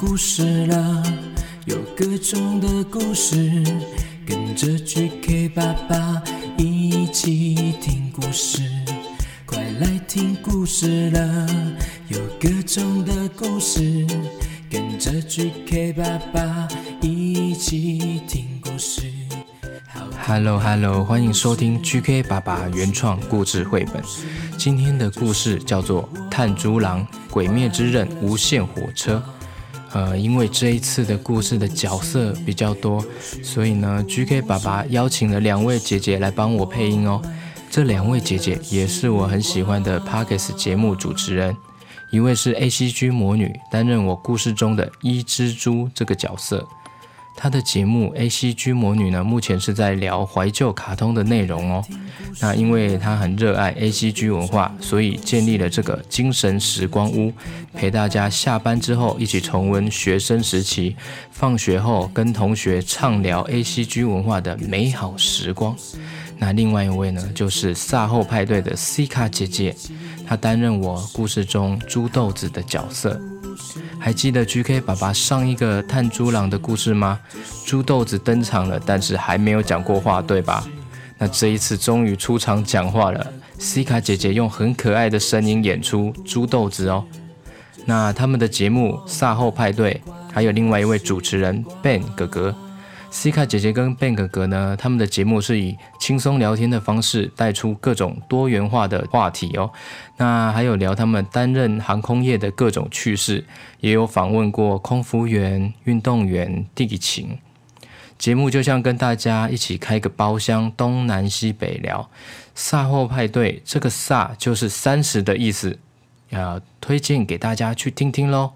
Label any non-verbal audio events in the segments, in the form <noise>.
故事啦有各種的故事跟着 GK 爸爸一起聽故事快來聽故事啦有各種的故事跟着 GK 爸爸一起聽故事哈嘍哈嘍歡迎收聽 GK 爸爸原創故事繪本今天的故事叫做炭豬郎鬼滅之刃無限火車呃，因為這一次的故事的角色比較多，所以呢，GK 爸爸邀請了兩位姐姐來幫我配音哦。這兩位姐姐也是我很喜歡的 Podcast 節目主持人，一位是 ACG 魔女，擔任我故事中的伊之豬這個角色。她的節目 ACG 魔女呢，目前是在聊懷舊卡通的內容哦。那因為她很熱愛 ACG 文化，所以建立了這個精神時光屋，陪大家下班之後一起重溫學生時期放學後跟同學暢聊 ACG 文化的美好時光。那另外一位呢，就是卅後派對的 Sicca 姐姐，她擔任我故事中豬豆子的角色。還記得 GK 爸爸，上一個炭豬郎的故事嗎？豬豆子登場了，但是還沒有講過話，對吧？那這一次終於出場講話了。Sicca 姐姐用很可愛的聲音演出豬豆子哦。那他們的節目卅後派對還有另外一位主持人 Ben 哥哥。Sicca 姐姐跟 Ben 哥哥呢，他們的節目是以輕鬆聊天的方式帶出各種多元化的話題哦。那還有聊他們擔任航空業的各種趣事，也有訪問過空服員、運動員、地勤。節目就像跟大家一起開個包廂，東南西北聊。卅後派對，這個卅就是三十的意思，啊，推薦給大家去聽聽嘍。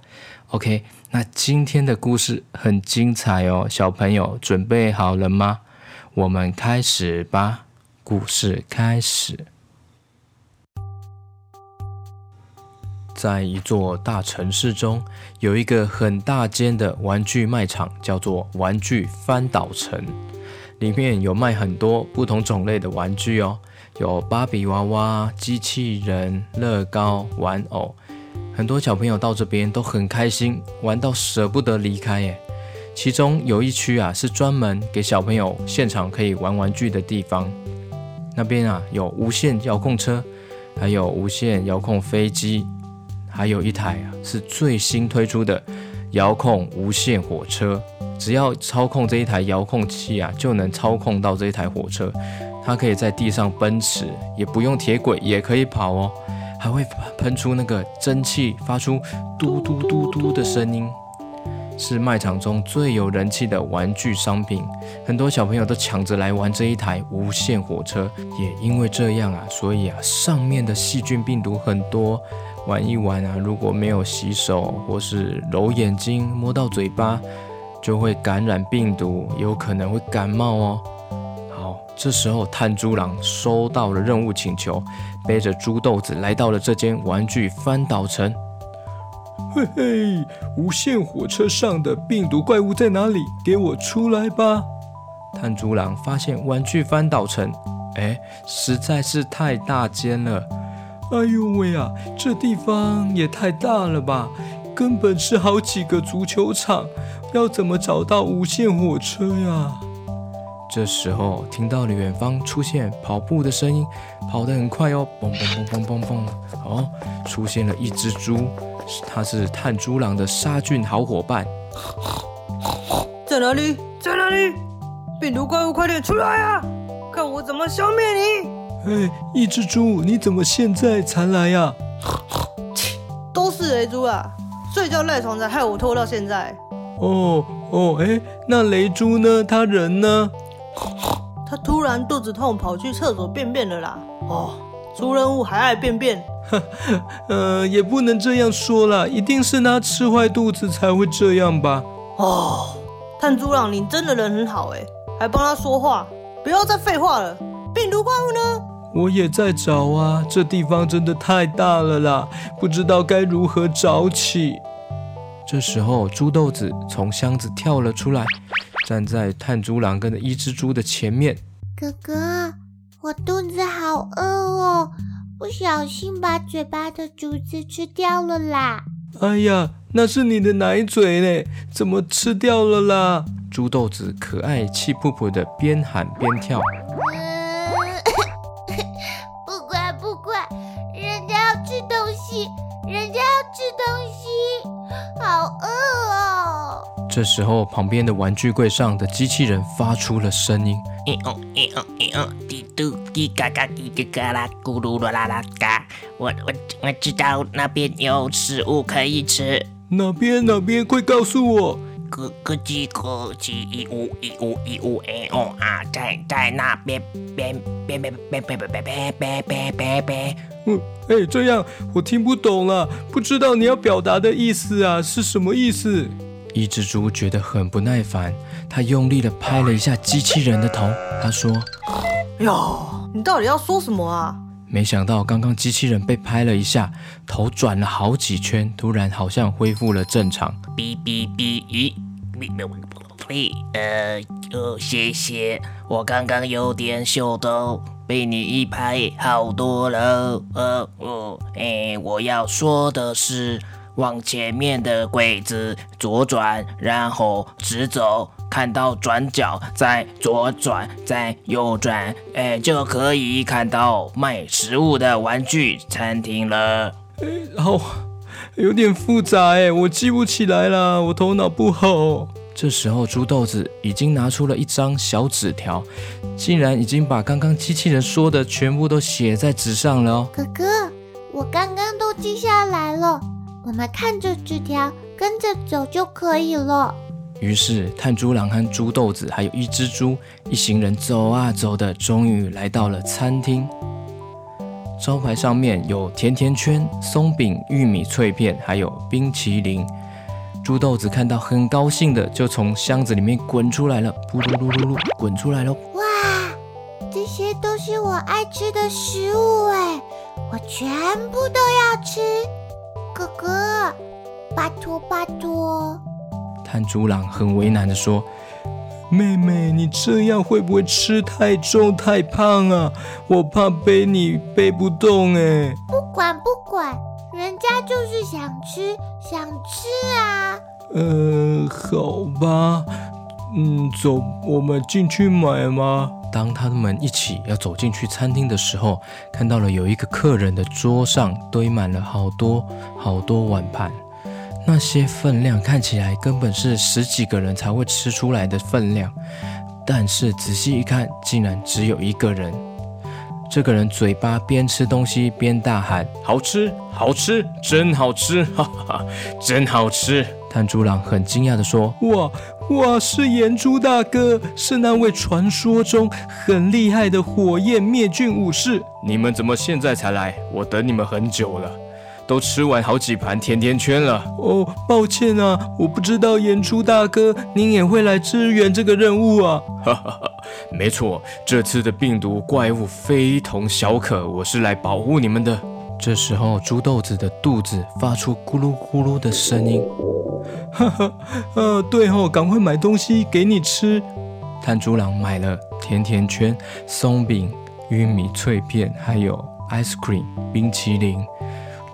OK。那今天的故事很精彩哦，小朋友，準備好了嗎？我們開始吧。故事開始，在一座大城市中，有一個很大間的玩具賣場，叫做玩具翻倒城，裡面有賣很多不同種類的玩具哦，有芭比娃娃、機器人、樂高玩偶。很多小朋友到這邊都很開心，玩到捨不得離開耶。其中有一區啊，是專門給小朋友現場可以玩玩具的地方。那邊啊，有無線遙控車，還有無線遙控飛機，還有一台啊，是最新推出的遙控無線火車。只要操控這一台遙控器啊，就能操控到這一台火車，它可以在地上奔馳，也不用鐵軌，也可以跑哦。還會噴出那個蒸汽，發出嘟嘟嘟嘟嘟的聲音，是賣場中最有人氣的玩具商品。很多小朋友都搶着來玩這一台無限火車。也因為這樣啊，所以啊，上面的細菌病毒很多。玩一玩啊，如果沒有洗手或是揉眼睛、摸到嘴巴，就會感染病毒，有可能會感冒哦。這時候，炭豬郎收到了任務請求，背着豬豆子來到了這間玩具翻倒城。嘿，嘿，無限火車上的病毒怪物在哪裡？給我出來吧！炭豬郎發現玩具翻倒城，哎，實在是太大間了。哎呦喂呀，這地方也太大了吧，根本是好幾個足球場，要怎麼找到無限火車呀？這時候，聽到了遠方出現跑步的聲音，跑得很快哦，嘣嘣嘣嘣嘣嘣哦，出現了一只豬，它是炭豬郎的殺菌好伙伴。在哪裡？在哪裡？病毒怪物快點出來啊！看我怎麼消滅你！哎、欸，伊之豬，你怎麼現在才來呀、啊？切，都是雷豬啊，睡覺賴床才害我拖到現在。哦哦，哎、哦欸，那雷豬呢？他人呢？他突然肚子痛，跑去廁所便便了啦。哦，豬人物還愛便便。 <laughs> 呃，也不能這樣說啦，一定是他吃壞肚子才會這樣吧。哦，炭豬郎你真的人很好誒，還幫他說話。不要再廢話了，病毒怪物呢？我也在找啊，這地方真的太大了啦，不知道該如何找起。這時候，豬豆子從箱子跳了出來。站在炭豬郎跟的一隻豬的前面，哎，哥哥，我肚子好餓哦，不小心把嘴巴的竹子吃掉了啦！哎呀，那是你的奶嘴嘞，怎麼吃掉了啦？豬豆子可愛氣噗噗的，邊喊邊跳，呃、呵呵，不乖不乖，不乖，人家要吃東西，人家要吃東西。這時候，旁邊的玩具櫃上的機器人發出了聲音：咦哦咦哦咦哦，滴嘟滴嘎嘎滴嘎嘎啦，咕嚕嚕啦啦嘎。我我我知道那邊有食物可以吃。哪邊哪邊，快告訴我！咕咕嘰咕嘰，一嗚一嗚一嗚，咦哦啊，在在那邊，別別別別別別別別別別別，嗯，哎，這樣我聽不懂了，啊，不知道你要表達的意思啊，是什麼意思？伊之豬覺得很不耐煩，它用力地拍了一下機器人的頭。它說：“喲，你到底要說什麼啊？”沒想到，剛剛機器人被拍了一下，頭轉了好幾圈，突然好像恢復了正常。嗶嗶嗶！咦？沒有呃，謝謝。我剛剛有點秀逗，哦，被你一拍好多了。呃，我、呃哎，我要說的是。往前面的櫃子左轉，然後直走，看到轉角再左轉，再右轉，哎，就可以看到賣食物的玩具餐廳了。哎、哦、然後、有點複雜哎，我記不起來了，我頭腦不好。這時候，豬豆子已經拿出了一張小紙條，竟然已經把剛剛機器人說的全部都寫在紙上了哦。哥哥，我剛剛都記下來了。我們看着紙條，跟着走就可以了。於是，炭豬郎和豬豆子還有一隻豬，一行人走啊走的，終於來到了餐廳。招牌上面有甜甜圈、鬆餅、玉米脆片，還有冰淇淋。豬豆子看到很高興的，就從箱子裡面滾出來了，噗嚕嚕嚕嚕，滾出來了。哇，這些都是我愛吃的食物哎，我全部都要吃。哥哥，拜託拜託！炭豬郎很為難地說：“妹妹，你這樣會不會吃太重太胖啊？我怕背你背不動誒。”不管不管，人家就是想吃想吃啊！呃，好吧，嗯，走，我們進去買嘛。當他們一起要走進去餐廳的時候，看到了有一個客人的桌上堆滿了好多好多碗盤，那些分量看起來根本是十幾個人才會吃出來的分量，但是仔細一看，竟然只有一個人。這個人嘴巴邊吃東西邊大喊：“好吃，好吃，真好吃，哈哈，真好吃。”炭豬郎很驚訝地說：“哇哇，是炎豬大哥，是那位傳說中很厲害的火焰滅菌武士！你們怎麼現在才來？我等你們很久了，都吃完好幾盤甜甜圈了。”哦，抱歉啊，我不知道炎豬大哥您也會來支援這個任務啊。哈哈哈，沒錯，這次的病毒怪物非同小可，我是來保護你們的。這時候，豬豆子的肚子發出咕嚕咕嚕的聲音。哈哈， <laughs> 呃，對哦，趕快買東西給你吃。炭豬郎買了甜甜圈、鬆餅、玉米脆片，還有 ice cream 冰淇淋。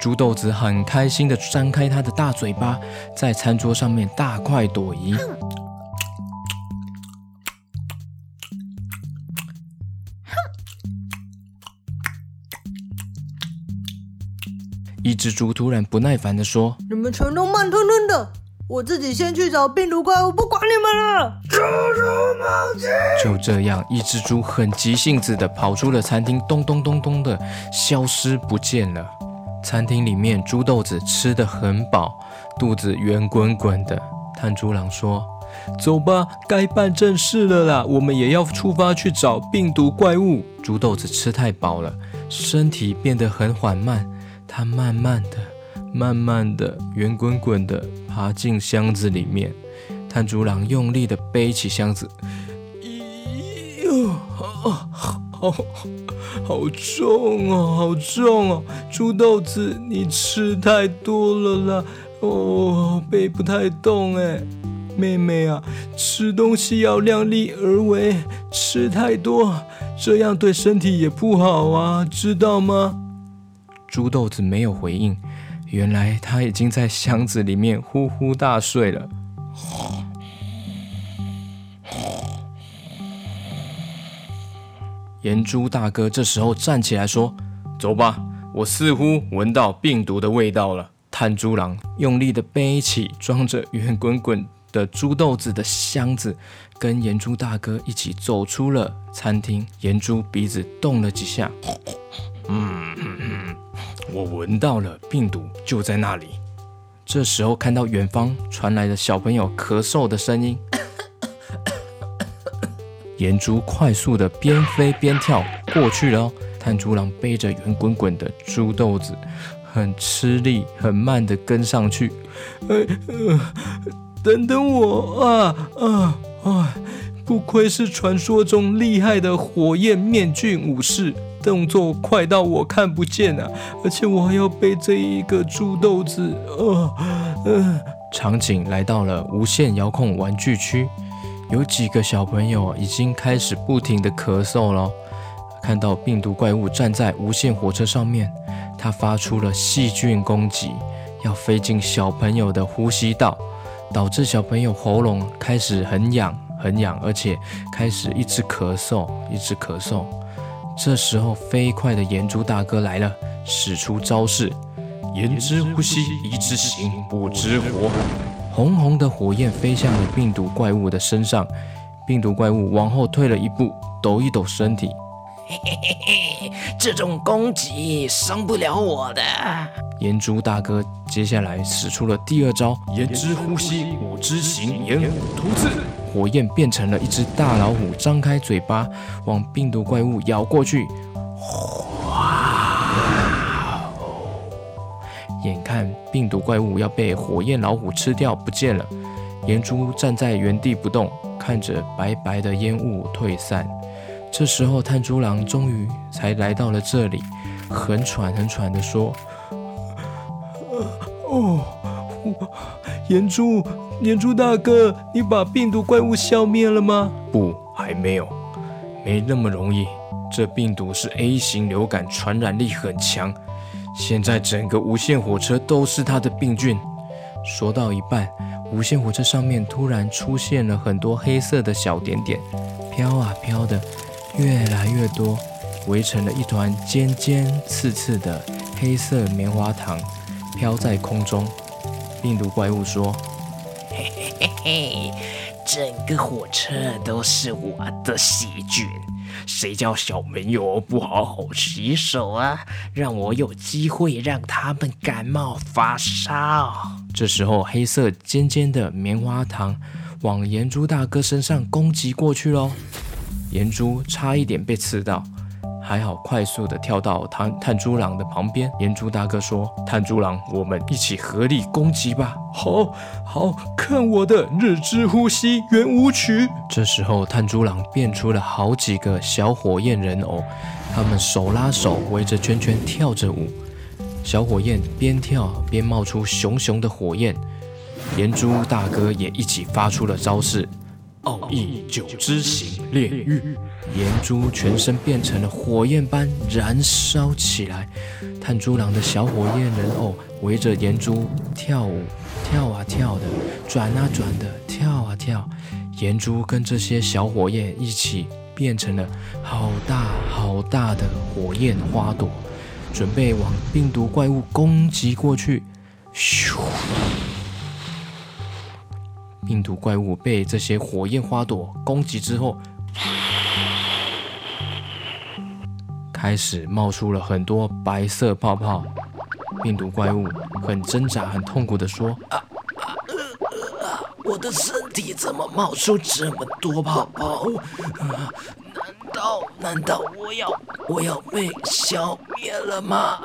豬豆子很開心的張開他的大嘴巴，在餐桌上面大快朵頤。 <laughs> 伊之豬突然不耐煩地說：“你們全都慢吞吞的，我自己先去找病毒怪物，不管你們了。”豬豬冒險就這樣，一隻豬很急性子的跑出了餐廳，咚咚咚咚咚的消失不見了。餐廳裡面，豬豆子吃得很飽，肚子圓滾滾的。炭豬郎說：“走吧，該辦正事了啦，我們也要出發去找病毒怪物。”豬豆子吃太飽了，身體變得很緩慢。他慢慢的、慢慢的、圓滾滾的爬進箱子裡面。炭豬郎用力的背起箱子，咦喲、哎，好，好重哦，好重哦！豬豆子，你吃太多了啦，哦，背不太動哎、欸。妹妹啊，吃東西要量力而為，吃太多，這樣對身體也不好啊，知道嗎？豬豆子沒有回應，原來他已經在箱子裡面呼呼大睡了。炎 <laughs> 豬大哥這時候站起來說：“走吧，我似乎聞到病毒的味道了。”炭豬郎用力的背起裝着圓滾滾的豬豆子的箱子，跟炎豬大哥一起走出了餐廳。炎豬鼻子動了幾下， <laughs> 嗯。嗯嗯我聞到了病毒就在那裡。這時候看到遠方傳來的小朋友咳嗽的聲音， <coughs> 炎豬快速的邊飛邊跳過去了，哦。炭豬郎背着圓滾滾的豬豆子，很吃力，很慢的跟上去。呃呃、等等我啊啊啊！不愧是傳說中厲害的火焰面具武士。動作快到我看不見啊！而且我還要背這一個豬豆子。哦、呃，場景來到了無線遙控玩具區，有幾個小朋友已經開始不停的咳嗽了。看到病毒怪物站在無限火車上面，它發出了細菌攻擊，要飛進小朋友的呼吸道，導致小朋友喉嚨開始很癢很癢，而且開始一直咳嗽一直咳嗽。這時候，飛快的炎豬大哥來了，使出招式：“炎之呼吸，一之形，不知火。”紅紅的火焰飛向了病毒怪物的身上，病毒怪物往後退了一步，抖一抖身體：“嘿嘿嘿嘿，這種攻擊傷不了我的。”炎豬大哥接下來使出了第二招，炎之呼吸，五之行，炎虎突刺。火焰變成了一隻大老虎，張開嘴巴往病毒怪物咬過去。哇！哦，眼看病毒怪物要被火焰老虎吃掉，不見了。炎豬站在原地不動，看着白白的煙霧退散。這時候炭豬郎終於才來到了這裡，很喘很喘地說。炎豬，炎豬大哥，你把病毒怪物消滅了嗎？不，還沒有，沒那麼容易。這病毒是 A 型流感，傳染力很強。現在整個無限火車都是它的病菌。說到一半，無限火車上面突然出現了很多黑色的小點點，飄啊飄的，越來越多，圍成了一團尖尖刺刺的黑色棉花糖，飄在空中。病毒怪物說：“嘿嘿嘿嘿，整個火車都是我的細菌，誰叫小朋友不好好洗手啊？讓我有機會讓他們感冒發燒、哦。”這時候，黑色尖尖的棉花糖往炎豬大哥身上攻擊過去咯，炎豬差一點被刺到。還好，快速地跳到炭炭豬郎的旁邊。炎豬大哥說：“炭豬郎，我們一起合力攻擊吧！”好，好，看我的日之呼吸圓舞曲。這時候，炭豬郎變出了好幾個小火焰人偶，他們手拉手圍着圈圈跳着舞。小火焰邊跳邊冒出熊熊的火焰，炎豬大哥也一起發出了招式。奧義九之型煉獄，炎豬全身變成了火焰般燃燒起來。炭豬郎的小火焰人偶圍着炎豬跳舞，跳啊跳的，轉啊轉的，跳啊跳。炎豬跟這些小火焰一起變成了好大好大的火焰花朵，準備往病毒怪物攻擊過去。咻！病毒怪物被這些火焰花朵攻擊之後，開始冒出了很多白色泡泡。病毒怪物很掙扎、很痛苦地說：“啊啊、呃、啊！我的身體怎麼冒出這麼多泡泡？啊、難道難道我要我要被消滅了嗎？”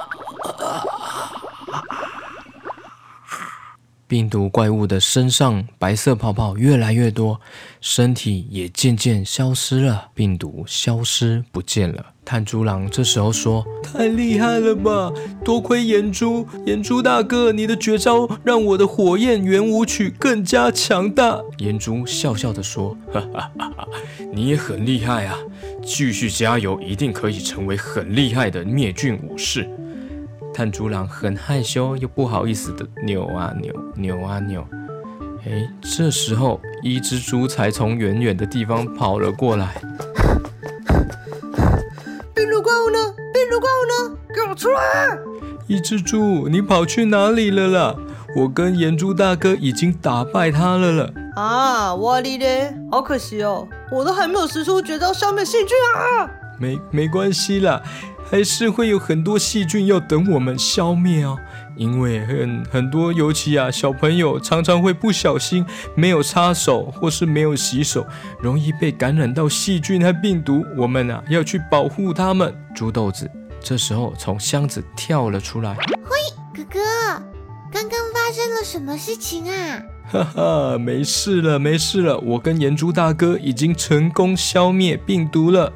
病毒怪物的身上白色泡泡越來越多，身體也漸漸消失了，病毒消失不見了。炭豬郎這時候說：“太厲害了吧！多虧炎豬，炎豬大哥，你的絕招讓我的火焰圓舞曲更加強大。”炎豬笑笑地說：“哈哈哈哈，你也很厲害啊！繼續加油，一定可以成為很厲害的滅菌武士。”炭豬郎很害羞又不好意思的扭啊扭，扭啊扭。哎，這時候伊之豬才從遠遠的地方跑了過來。病毒怪物呢？病毒怪物呢？給我出來啊！伊之豬，你跑去哪裡了啦？我跟炎豬大哥已經打敗他了了。啊，瓦利勒，好可惜哦，我都還沒有使出絕招消滅細菌啊。沒沒關係啦。還是會有很多細菌要等我們消滅哦，因為很很多，尤其啊，小朋友常常會不小心沒有擦手或是沒有洗手，容易被感染到細菌和病毒。我們啊要去保護他們。豬豆子這時候從箱子跳了出來。嘿，哥哥，剛剛發生了什麼事情啊？哈哈，沒事了，沒事了，我跟炎豬大哥已經成功消滅病毒了。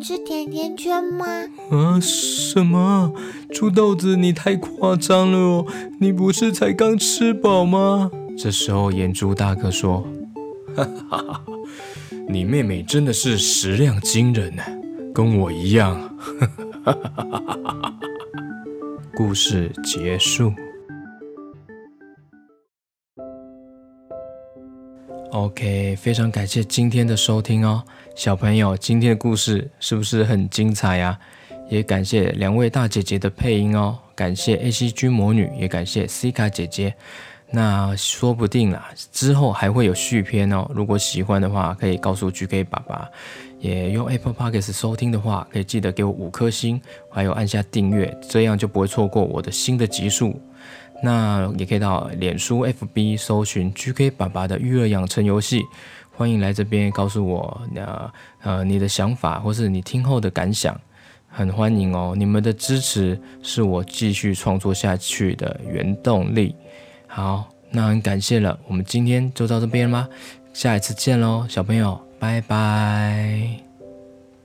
吃甜甜圈嗎？啊，什麼？豬豆子，你太誇張了哦！你不是才剛吃飽嗎？這時候，炎豬大哥說：“哈哈，你妹妹真的是食量驚人呢，跟我一樣。”哈哈哈哈哈。故事結束。OK，非常感謝今天的收聽哦，小朋友，今天的故事是不是很精彩呀？啊？也感謝兩位大姐姐的配音哦，感謝 ACG 魔女，也感謝 Sicca 姐姐。那說不定啦，之後還會有續篇哦。如果喜歡的話，可以告訴 GK 爸爸，也用 Apple Podcast 收聽的話，可以記得給我五顆星，還有按下訂閱，這樣就不會錯過我的新的集數。那也可以到臉書 FB 搜尋 GK 爸爸的育兒養成遊戲，歡迎來這邊告訴我，呃呃，你的想法或是你聽後的感想，很歡迎哦。你們的支持是我繼續創作下去的原動力。好，那很感謝了，我們今天就到這邊吧，下一次見嘍，小朋友，拜拜。